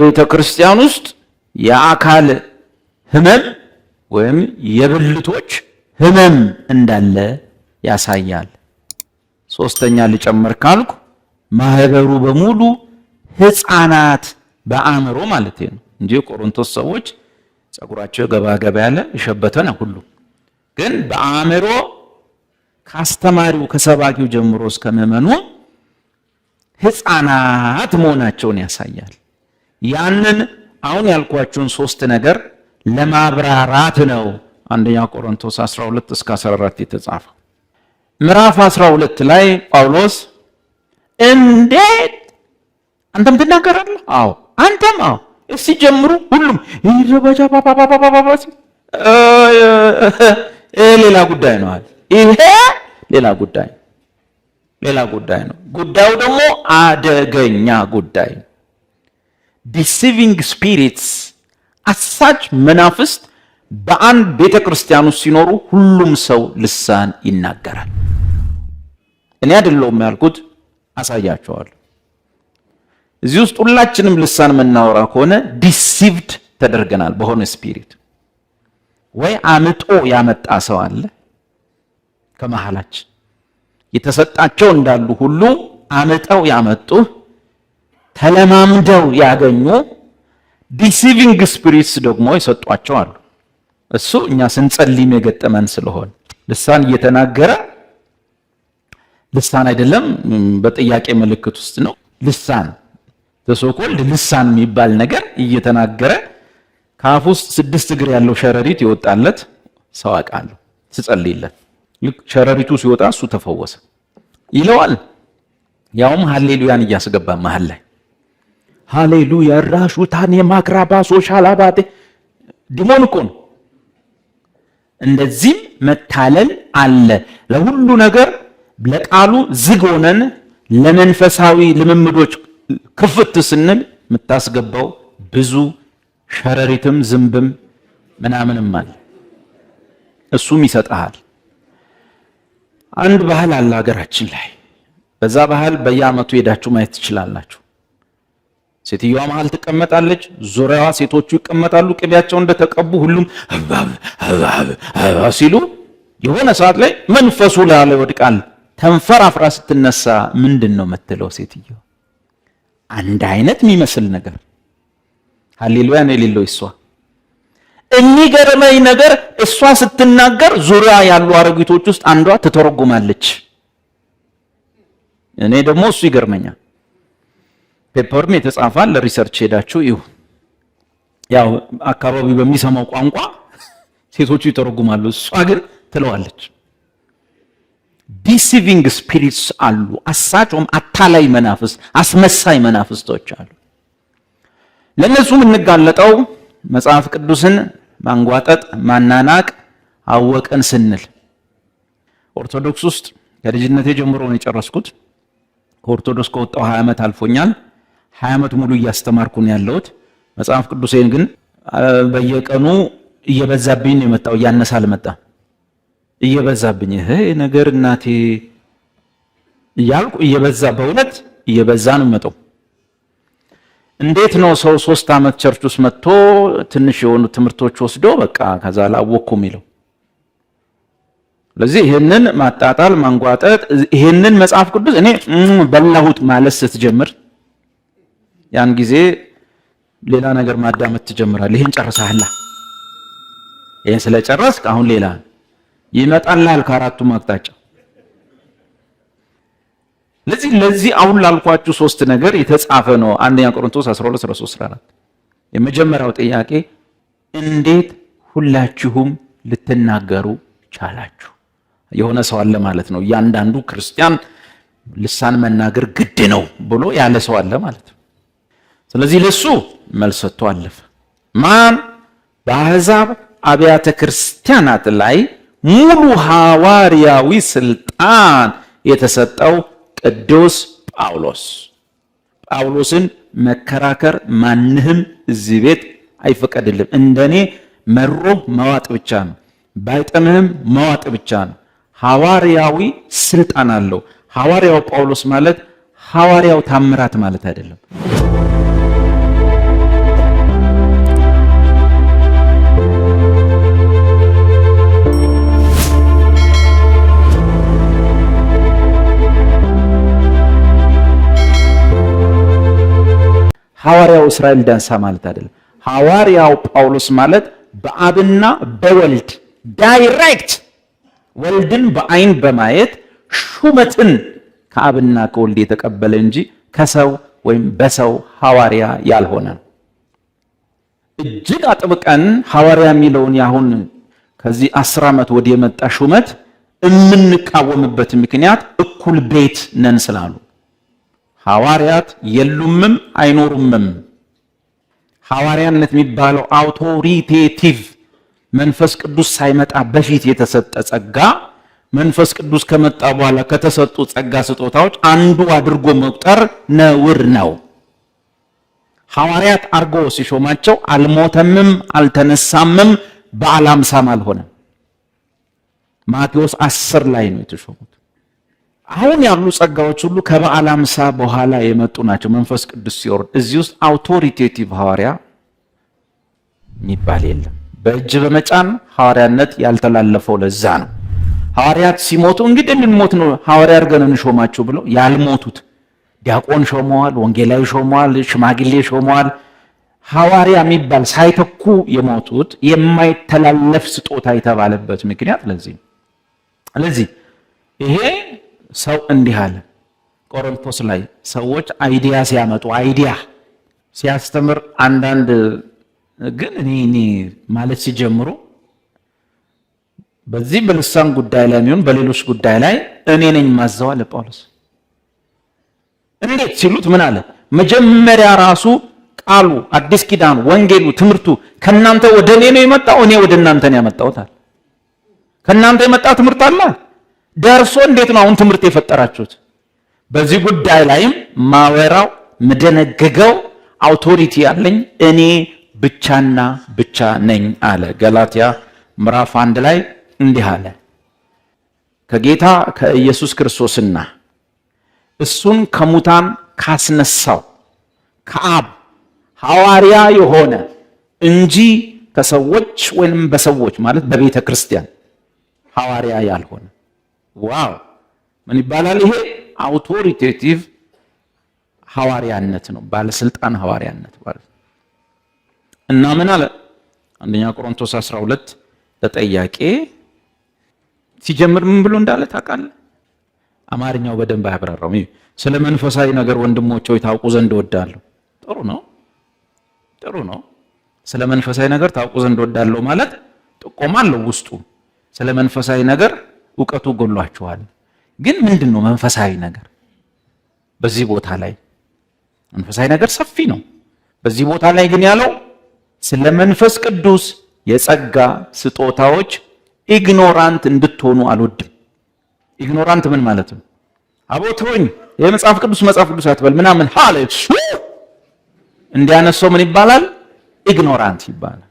በቤተ ክርስቲያን ውስጥ የአካል ህመም ወይም የብልቶች ህመም እንዳለ ያሳያል። ሶስተኛ ልጨምር ካልኩ ማህበሩ በሙሉ ህፃናት በአእምሮ ማለት ነው እንጂ የቆሮንቶስ ሰዎች ጸጉራቸው ገባ ገባ ያለ የሸበተ ነው ሁሉ ግን በአእምሮ ከአስተማሪው ከሰባኪው ጀምሮ እስከ ምዕመኑ ህፃናት መሆናቸውን ያሳያል። ያንን አሁን ያልኳችሁን ሶስት ነገር ለማብራራት ነው አንደኛ ቆሮንቶስ 12 እስከ 14 የተጻፈው። ምዕራፍ 12 ላይ ጳውሎስ እንዴት አንተም ትናገራለህ? አዎ አንተም አዎ። እስቲ ጀምሩ ሁሉም ይረባጃ ሌላ ጉዳይ ነው አለ። ይሄ ሌላ ጉዳይ ሌላ ጉዳይ ነው። ጉዳዩ ደግሞ አደገኛ ጉዳይ ዲሲቪንግ ስፒሪትስ አሳች መናፍስት በአንድ ቤተ ክርስቲያን ውስጥ ሲኖሩ ሁሉም ሰው ልሳን ይናገራል። እኔ አይደለሁም ያልኩት፣ አሳያቸዋል እዚህ ውስጥ ሁላችንም ልሳን የምናወራ ከሆነ ዲሲቭድ ተደርገናል በሆነ ስፒሪት። ወይ አምጦ ያመጣ ሰው አለ ከመሃላችን የተሰጣቸው እንዳሉ ሁሉ አምጠው ያመጡ ተለማምደው ያገኙ ዲሲቪንግ ስፒሪትስ ደግሞ የሰጧቸው አሉ። እሱ እኛ ስንጸልም የገጠመን ስለሆን ልሳን እየተናገረ ልሳን አይደለም፣ በጥያቄ ምልክት ውስጥ ነው። ልሳን ተሶኮልድ ልሳን የሚባል ነገር እየተናገረ ከአፍ ውስጥ ስድስት እግር ያለው ሸረሪት ይወጣለት ሰው አውቃለሁ ስጸልይለት ሸረሪቱ ሲወጣ እሱ ተፈወሰ ይለዋል። ያውም ሀሌሉያን እያስገባ መሀል ላይ ሃሌሉያ ራሹታን ሶሻል ሻላባቴ ዲሞን እኮ ነው። እንደዚህም መታለል አለ። ለሁሉ ነገር ለቃሉ ዝግ ሆነን ለመንፈሳዊ ልምምዶች ክፍት ስንል የምታስገባው ብዙ ሸረሪትም ዝንብም ምናምንም አለ። እሱም ይሰጠሃል። አንድ ባህል አለ ሀገራችን ላይ። በዛ ባህል በየአመቱ ሄዳችሁ ማየት ትችላላችሁ። ሴትዮዋ መሃል ትቀመጣለች፣ ዙሪያዋ ሴቶቹ ይቀመጣሉ። ቅቤያቸው እንደተቀቡ ሁሉም ሀብሀብ ሀብሀብ ሲሉ የሆነ ሰዓት ላይ መንፈሱ ላይ ይወድቃል። ተንፈራፍራ ስትነሳ ምንድን ነው የምትለው ሴትዮ? አንድ አይነት የሚመስል ነገር ሀሌሉያ ነው የሌለው እሷ የሚገርመኝ ነገር እሷ ስትናገር ዙሪያ ያሉ አረጊቶች ውስጥ አንዷ ትተረጉማለች። እኔ ደግሞ እሱ ይገርመኛል። ፔፐርም የተጻፋል ለሪሰርች ሄዳችሁ ይሁ ያው አካባቢው በሚሰማው ቋንቋ ሴቶቹ ይተረጉማሉ፣ እሷ ግን ትለዋለች። ዲሲቪንግ ስፒሪትስ አሉ፣ አሳጮም አታላይ መናፍስ፣ አስመሳይ መናፍስቶች አሉ። ለእነሱ የምንጋለጠው መጽሐፍ ቅዱስን ማንጓጠጥ፣ ማናናቅ አወቀን ስንል ኦርቶዶክስ ውስጥ ከልጅነቴ ጀምሮ ነው የጨረስኩት። ከኦርቶዶክስ ከወጣው 20 ዓመት አልፎኛል። ሀያ ዓመት ሙሉ እያስተማርኩ ነው ያለሁት። መጽሐፍ ቅዱሴን ግን በየቀኑ እየበዛብኝ ነው የመጣው፣ እያነሳ አልመጣም። እየበዛብኝ ይሄ ነገር እናቴ እያልኩ እየበዛ በእውነት እየበዛ ነው የመጣው። እንዴት ነው ሰው ሶስት ዓመት ቸርች ውስጥ መጥቶ ትንሽ የሆኑ ትምህርቶች ወስዶ በቃ ከዛ ላወቅኩ የሚለው ስለዚህ ይህንን ማጣጣል ማንጓጠጥ፣ ይህንን መጽሐፍ ቅዱስ እኔ በላሁት ማለት ስትጀምር ያን ጊዜ ሌላ ነገር ማዳመጥ ትጀምራለህ። ይሄን ጨርሰሃላ፣ ይሄን ስለጨረስክ አሁን ሌላ ይመጣልሃል ከአራቱም አቅጣጫ። ለዚህ ለዚህ አሁን ላልኳችሁ ሶስት ነገር የተጻፈ ነው። አንደኛ ቆሮንቶስ 12 13 14 የመጀመሪያው ጥያቄ እንዴት ሁላችሁም ልትናገሩ ቻላችሁ? የሆነ ሰው አለ ማለት ነው። እያንዳንዱ ክርስቲያን ልሳን መናገር ግድ ነው ብሎ ያለ ሰው አለ ማለት ነው። ስለዚህ ለሱ መልስ ሰጥቶ አለፈ። ማን በአሕዛብ አብያተ ክርስቲያናት ላይ ሙሉ ሐዋርያዊ ስልጣን የተሰጠው ቅዱስ ጳውሎስ። ጳውሎስን መከራከር ማንህም እዚህ ቤት አይፈቀድልም። እንደኔ መሮ መዋጥ ብቻ ነው፣ ባይጠምህም መዋጥ ብቻ ነው። ሐዋርያዊ ስልጣን አለው። ሐዋርያው ጳውሎስ ማለት ሐዋርያው ታምራት ማለት አይደለም። ሐዋርያው እስራኤል ዳንሳ ማለት አይደለም። ሐዋርያው ጳውሎስ ማለት በአብና በወልድ ዳይሬክት ወልድን በአይን በማየት ሹመትን ከአብና ከወልድ የተቀበለ እንጂ ከሰው ወይም በሰው ሐዋርያ ያልሆነ እጅግ አጥብቀን ሐዋርያ የሚለውን ያሁን ከዚህ አስር ዓመት ወዲህ የመጣ ሹመት የምንቃወምበት ምክንያት እኩል ቤት ነን ስላሉ ሐዋርያት የሉምም አይኖሩምም። ሐዋርያነት የሚባለው አውቶሪቴቲቭ መንፈስ ቅዱስ ሳይመጣ በፊት የተሰጠ ጸጋ መንፈስ ቅዱስ ከመጣ በኋላ ከተሰጡ ጸጋ ስጦታዎች አንዱ አድርጎ መቁጠር ነውር ነው። ሐዋርያት አድርጎ ሲሾማቸው አልሞተምም፣ አልተነሳምም፣ በዓለ ሃምሳም አልሆነም። ማቴዎስ አስር ላይ ነው የተሾሙት። አሁን ያሉ ጸጋዎች ሁሉ ከበዓለ ሃምሳ በኋላ የመጡ ናቸው። መንፈስ ቅዱስ ሲወርድ እዚህ ውስጥ አውቶሪቴቲቭ ሐዋርያ የሚባል የለም። በእጅ በመጫን ሐዋርያነት ያልተላለፈው ለዛ ነው። ሐዋርያት ሲሞቱ እንግዲህ ልንሞት ነው ሐዋርያ አድርገን እንሾማችሁ ብለው ያልሞቱት ዲያቆን ሾመዋል፣ ወንጌላዊ ሾመዋል፣ ሽማግሌ ሾመዋል። ሐዋርያ የሚባል ሳይተኩ የሞቱት የማይተላለፍ ስጦታ የተባለበት ምክንያት ለዚህ ነው። ስለዚህ ይሄ ሰው እንዲህ አለ። ቆሮንቶስ ላይ ሰዎች አይዲያ ሲያመጡ አይዲያ ሲያስተምር አንዳንድ ግን እኔ እኔ ማለት ሲጀምሩ በዚህ በልሳን ጉዳይ ላይ የሚሆን በሌሎች ጉዳይ ላይ እኔ ነኝ ማዘው አለ ጳውሎስ። እንዴት ሲሉት ምን አለ? መጀመሪያ ራሱ ቃሉ አዲስ ኪዳን ወንጌሉ ትምህርቱ ከእናንተ ወደ እኔ ነው የመጣው፣ እኔ ወደ እናንተ ነው ያመጣሁታል። ከእናንተ የመጣ ትምህርት አለ ደርሶ እንዴት ነው አሁን ትምህርት የፈጠራችሁት? በዚህ ጉዳይ ላይም ማወራው ምደነግገው አውቶሪቲ ያለኝ እኔ ብቻና ብቻ ነኝ አለ። ገላትያ ምዕራፍ አንድ ላይ እንዲህ አለ ከጌታ ከኢየሱስ ክርስቶስና እሱን ከሙታን ካስነሳው ከአብ ሐዋርያ የሆነ እንጂ ከሰዎች ወይንም በሰዎች ማለት በቤተ ክርስቲያን ሐዋርያ ያልሆነ ዋው! ምን ይባላል ይሄ? አውቶሪቴቲቭ ሐዋርያነት ነው፣ ባለስልጣን ሐዋርያነት ማለት ነው። እና ምን አለ አንደኛ ቆሮንቶስ 12 ለጠያቄ ሲጀምር ምን ብሎ እንዳለ ታውቃለህ? አማርኛው በደንብ አያብራራውም። ስለ መንፈሳዊ ነገር ወንድሞች ሆይ ታውቁ ዘንድ ወዳለሁ። ጥሩ ነው፣ ጥሩ ነው። ስለ መንፈሳዊ ነገር ታውቁ ዘንድ ወዳለሁ ማለት ጥቆማ አለው ውስጡ ስለ መንፈሳዊ ነገር እውቀቱ ጎሏችኋል። ግን ምንድን ነው መንፈሳዊ ነገር? በዚህ ቦታ ላይ መንፈሳዊ ነገር ሰፊ ነው። በዚህ ቦታ ላይ ግን ያለው ስለ መንፈስ ቅዱስ የጸጋ ስጦታዎች ኢግኖራንት እንድትሆኑ አልወድም። ኢግኖራንት ምን ማለት ነው? አቦተወኝ የመጽሐፍ ቅዱስ መጽሐፍ ቅዱስ አትበል ምናምን ሀለ እንዲያነሰው ምን ይባላል? ኢግኖራንት ይባላል።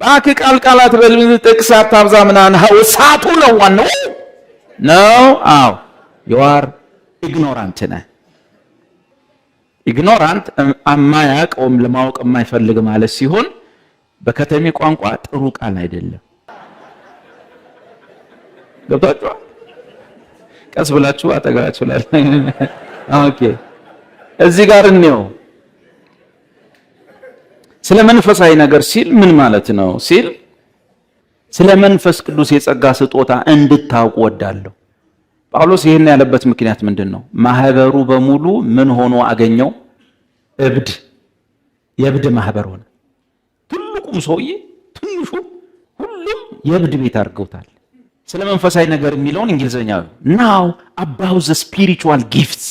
ባክ ቃል ቃላት በልብን ጥቅስ አታብዛ ምናምን እሳቱ ነው ዋናው ነው። አዎ ዩአር ኢግኖራንት ነህ። ኢግኖራንት የማያውቀውም ለማወቅ የማይፈልግ ማለት ሲሆን በከተሜ ቋንቋ ጥሩ ቃል አይደለም። ገብቷችኋል? ቀስ ብላችሁ አጠገባችሁ ላለ ኦኬ፣ እዚህ ጋር እንየው። ስለ መንፈሳዊ ነገር ሲል ምን ማለት ነው ሲል ስለ መንፈስ ቅዱስ የጸጋ ስጦታ እንድታውቁ ወዳለሁ። ጳውሎስ ይህን ያለበት ምክንያት ምንድን ነው? ማህበሩ በሙሉ ምን ሆኖ አገኘው? እብድ፣ የእብድ ማህበር ሆነ። ትልቁም ሰውዬ ትንሹ፣ ሁሉም የእብድ ቤት አድርገውታል። ስለ መንፈሳዊ ነገር የሚለውን እንግሊዝኛ ናው ዘ ስፒሪቹዋል ጊፍትስ፣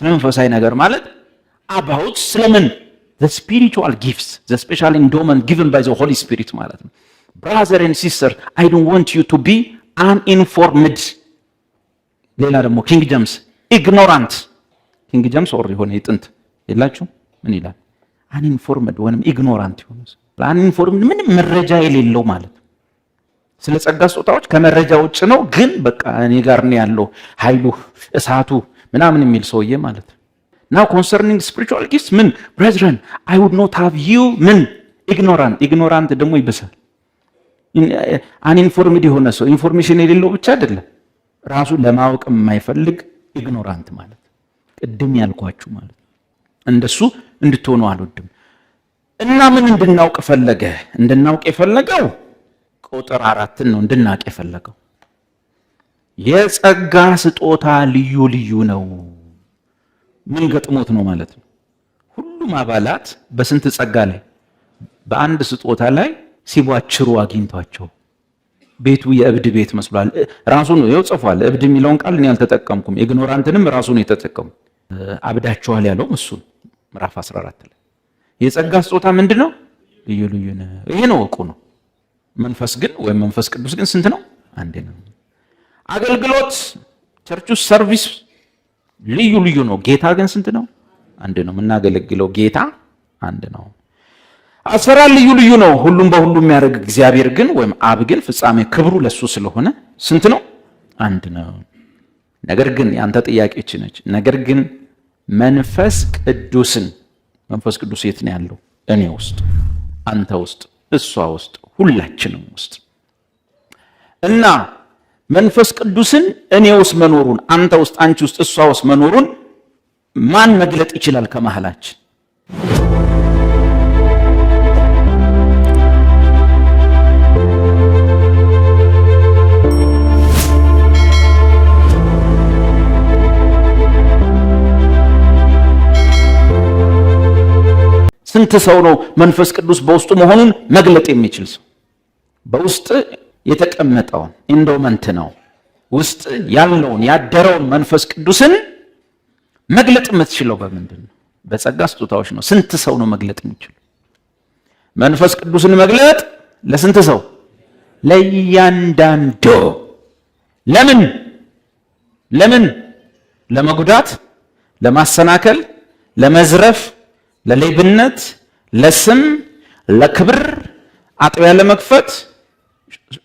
ስለ መንፈሳዊ ነገር ማለት አባውት ስለምን ስፒሪቹዋል ጊፍትስ ስፔሻል ኢንዶመንት ጊቨን ባይ ዘ ሆሊ ስፒሪት ማለት ነው። ብራዘርን ሲስተር አይ ዶንት ዋንት ዩ ቱ ቢ አንኢንፎርምድ። ሌላ ደግሞ ኪንግ ጀምስ ኢግኖራንት። ኪንግ ጀምስ ኦር የሆነ የጥንት የላችሁ ምን ይላል? አንኢንፎርምድ ወይም ኢግኖራንት የሆነ አንኢንፎርምድ ምንም መረጃ የሌለው ማለት ነው። ስለ ጸጋ ስጦታዎች ከመረጃ ውጭ ነው። ግን በቃ እኔ ጋር ነው ያለው ኃይሉ እሳቱ ምናምን የሚል ሰውዬ ማለት ነው። ናው ኮንሰርኒንግ ስፒሪቹዋል ጊፍት ምን ብሬዝረን አይ ውድ ኖት ሃቭ ዩ ምን ኢግኖራንት ኢግኖራንት ደግሞ ይብሳል። አንኢንፎርምድ uh, የሆነ ሰው ኢንፎርሜሽን የሌለው ብቻ አይደለም፣ ራሱ ለማወቅ የማይፈልግ ኢግኖራንት ማለት ቅድም ያልኳችሁ ማለት እንደሱ እንድትሆኑ አልወድም። እና ምን እንድናውቅ ፈለገ? እንድናውቅ የፈለገው ቁጥር አራትን ነው እንድናውቅ የፈለገው የጸጋ ስጦታ ልዩ ልዩ ነው። ምን ገጥሞት ነው ማለት ነው? ሁሉም አባላት በስንት ጸጋ ላይ በአንድ ስጦታ ላይ ሲቧችሩ አግኝቷቸው ቤቱ የእብድ ቤት መስሏል። ራሱን ይኸው ጽፏል። እብድ የሚለውን ቃል እኔ አልተጠቀምኩም። ኢግኖራንትንም ራሱ ነው የተጠቀሙ። አብዳችኋል ያለውም እሱን ምዕራፍ 14 ላይ የጸጋ ስጦታ ምንድን ነው? ልዩ ልዩ ነው። ይሄ ነው እቁ ነው። መንፈስ ግን ወይም መንፈስ ቅዱስ ግን ስንት ነው? አንዴ ነው። አገልግሎት ውስጥ ሰርቪስ ልዩ ልዩ ነው። ጌታ ግን ስንት ነው? አንድ ነው። የምናገለግለው ጌታ አንድ ነው። አሰራር ልዩ ልዩ ነው፣ ሁሉም በሁሉ የሚያደርግ እግዚአብሔር ግን ወይም አብ ግን ፍጻሜ ክብሩ ለሱ ስለሆነ ስንት ነው? አንድ ነው። ነገር ግን የአንተ ጥያቄች ነች። ነገር ግን መንፈስ ቅዱስን መንፈስ ቅዱስ የት ነው ያለው? እኔ ውስጥ፣ አንተ ውስጥ፣ እሷ ውስጥ፣ ሁላችንም ውስጥ እና መንፈስ ቅዱስን እኔ ውስጥ መኖሩን አንተ ውስጥ አንቺ ውስጥ እሷ ውስጥ መኖሩን ማን መግለጥ ይችላል? ከመሃላችን ስንት ሰው ነው መንፈስ ቅዱስ በውስጡ መሆኑን መግለጥ የሚችል ሰው? በውስጥ የተቀመጠውን ኢንዶመንት ነው። ውስጥ ያለውን ያደረውን መንፈስ ቅዱስን መግለጥ የምትችለው በምንድን ነው? በጸጋ ስጦታዎች ነው። ስንት ሰው ነው መግለጥ የሚችለው? መንፈስ ቅዱስን መግለጥ ለስንት ሰው? ለእያንዳንዱ። ለምን ለምን? ለመጉዳት፣ ለማሰናከል፣ ለመዝረፍ፣ ለሌብነት፣ ለስም፣ ለክብር አጥቢያ ለመክፈት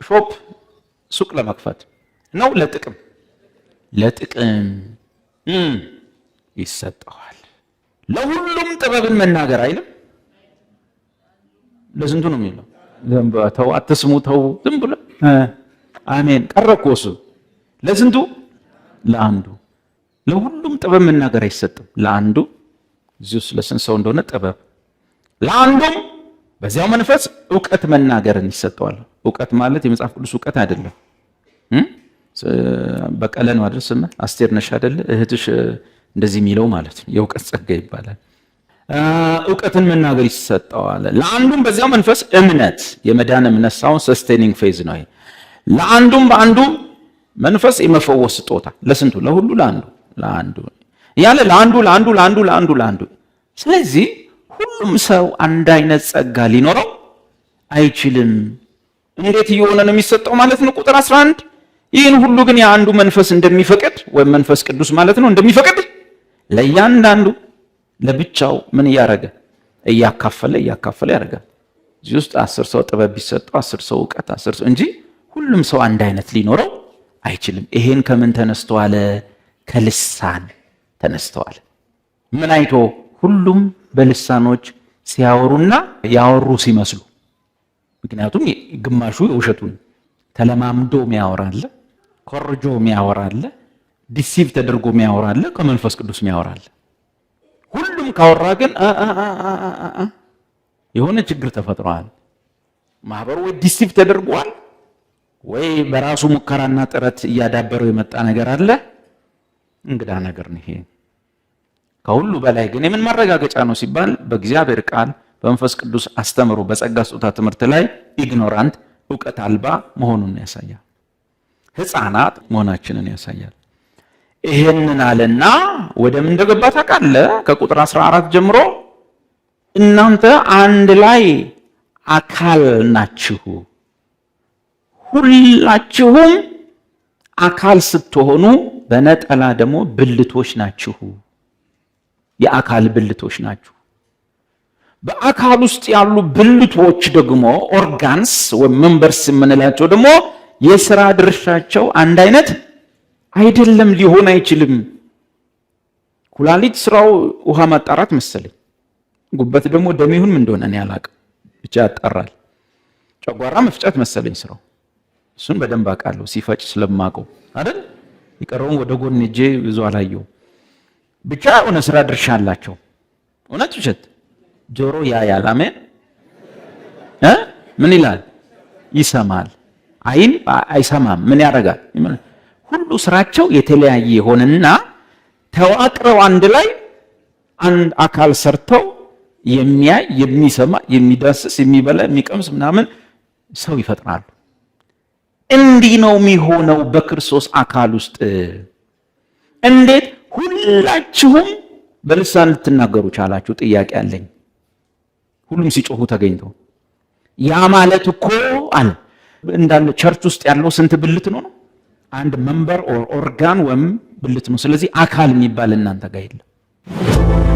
ሾፕ ሱቅ ለመክፈት ነው። ለጥቅም ለጥቅም ይሰጠዋል። ለሁሉም ጥበብን መናገር አይልም። ለስንቱ ነው የሚለው? ተው አትስሙ፣ ተው ዝም ብሎ አሜን ቀረ እሱ። ለስንቱ? ለአንዱ። ለሁሉም ጥበብ መናገር አይሰጥም። ለአንዱ እዚሁ ስለ ሰው እንደሆነ ጥበብ ለአንዱም በዚያው መንፈስ እውቀት መናገርን ይሰጠዋል። እውቀት ማለት የመጽሐፍ ቅዱስ እውቀት አይደለም። በቀለ ነው አይደል ስምህ? አስቴር ነሽ አይደል? እህትሽ እንደዚህ የሚለው ማለት ነው። የእውቀት ጸጋ ይባላል። እውቀትን መናገር ይሰጠዋል። ለአንዱም በዚያው መንፈስ እምነት፣ የመዳን እምነት ሳይሆን ሰስቴኒንግ ፌዝ ነው። ለአንዱም በአንዱ መንፈስ የመፈወስ ስጦታ ለስንቱ? ለሁሉ፣ ለአንዱ ለአንዱ ያለ ለአንዱ ለአንዱ ለአንዱ ለአንዱ ለአንዱ ስለዚህ ሁሉም ሰው አንድ አይነት ጸጋ ሊኖረው አይችልም። እንዴት እየሆነ ነው የሚሰጠው ማለት ነው? ቁጥር 11 ይህን ሁሉ ግን የአንዱ መንፈስ እንደሚፈቅድ ወይም መንፈስ ቅዱስ ማለት ነው እንደሚፈቅድ ለእያንዳንዱ ለብቻው ምን እያደረገ እያካፈለ እያካፈለ ያደርጋል። እዚህ ውስጥ አስር ሰው ጥበብ ቢሰጠው አስር ሰው እውቀት፣ አስር ሰው እንጂ ሁሉም ሰው አንድ አይነት ሊኖረው አይችልም። ይሄን ከምን ተነስተዋለ? ከልሳን ተነስተዋለ። ምን አይቶ ሁሉም በልሳኖች ሲያወሩና ያወሩ ሲመስሉ ምክንያቱም ግማሹ ውሸቱን ተለማምዶ ሚያወራለ፣ ኮርጆ ሚያወራለ፣ ዲሲቭ ተደርጎ ሚያወራለ፣ ከመንፈስ ቅዱስ ሚያወራለ። ሁሉም ካወራ ግን የሆነ ችግር ተፈጥሯል። ማህበሩ ወይ ዲሲቭ ተደርጓል፣ ወይ በራሱ ሙከራና ጥረት እያዳበረው የመጣ ነገር አለ። እንግዳ ነገር ነው ይሄ። ከሁሉ በላይ ግን የምን ማረጋገጫ ነው ሲባል በእግዚአብሔር ቃል በመንፈስ ቅዱስ አስተምሮ በጸጋ ስጦታ ትምህርት ላይ ኢግኖራንት እውቀት አልባ መሆኑን ያሳያል። ሕፃናት መሆናችንን ያሳያል። ይሄንን አለና ወደ ምን እንደገባ ታውቃለ ከቁጥር 14 ጀምሮ እናንተ አንድ ላይ አካል ናችሁ፣ ሁላችሁም አካል ስትሆኑ በነጠላ ደግሞ ብልቶች ናችሁ የአካል ብልቶች ናቸው። በአካል ውስጥ ያሉ ብልቶች ደግሞ ኦርጋንስ ወይም መንበርስ የምንላቸው ደግሞ የስራ ድርሻቸው አንድ አይነት አይደለም፣ ሊሆን አይችልም። ኩላሊት ስራው ውሃ ማጣራት መሰለኝ፣ ጉበት ደግሞ ደም ይሁን ምን እንደሆነ እኔ አላቅም፣ ብቻ ያጣራል። ጨጓራ መፍጨት መሰለኝ ስራው፣ እሱን በደንብ አውቃለሁ፣ ሲፈጭ ስለማውቀው አይደል። የቀረውን ወደ ጎን እጄ ብዙ አላየው ብቻ የሆነ ስራ ድርሻ አላቸው። እውነት ውሸት ጆሮ ያያል። አሜን። ምን ይላል? ይሰማል። አይን አይሰማም። ምን ያደርጋል? ሁሉ ስራቸው የተለያየ የሆነና ተዋቅረው አንድ ላይ አንድ አካል ሰርተው የሚያይ የሚሰማ የሚዳስስ የሚበላ የሚቀምስ ምናምን ሰው ይፈጥራሉ። እንዲህ ነው የሚሆነው በክርስቶስ አካል ውስጥ እንዴት ሁላችሁም በልሳን ልትናገሩ ቻላችሁ? ጥያቄ አለኝ። ሁሉም ሲጮሁ ተገኝተው ያ ማለት እኮ አለ እንዳለ ቸርች ውስጥ ያለው ስንት ብልት ነው ነው አንድ መንበር ኦርጋን ወይም ብልት ነው። ስለዚህ አካል የሚባል እናንተ ጋር የለም።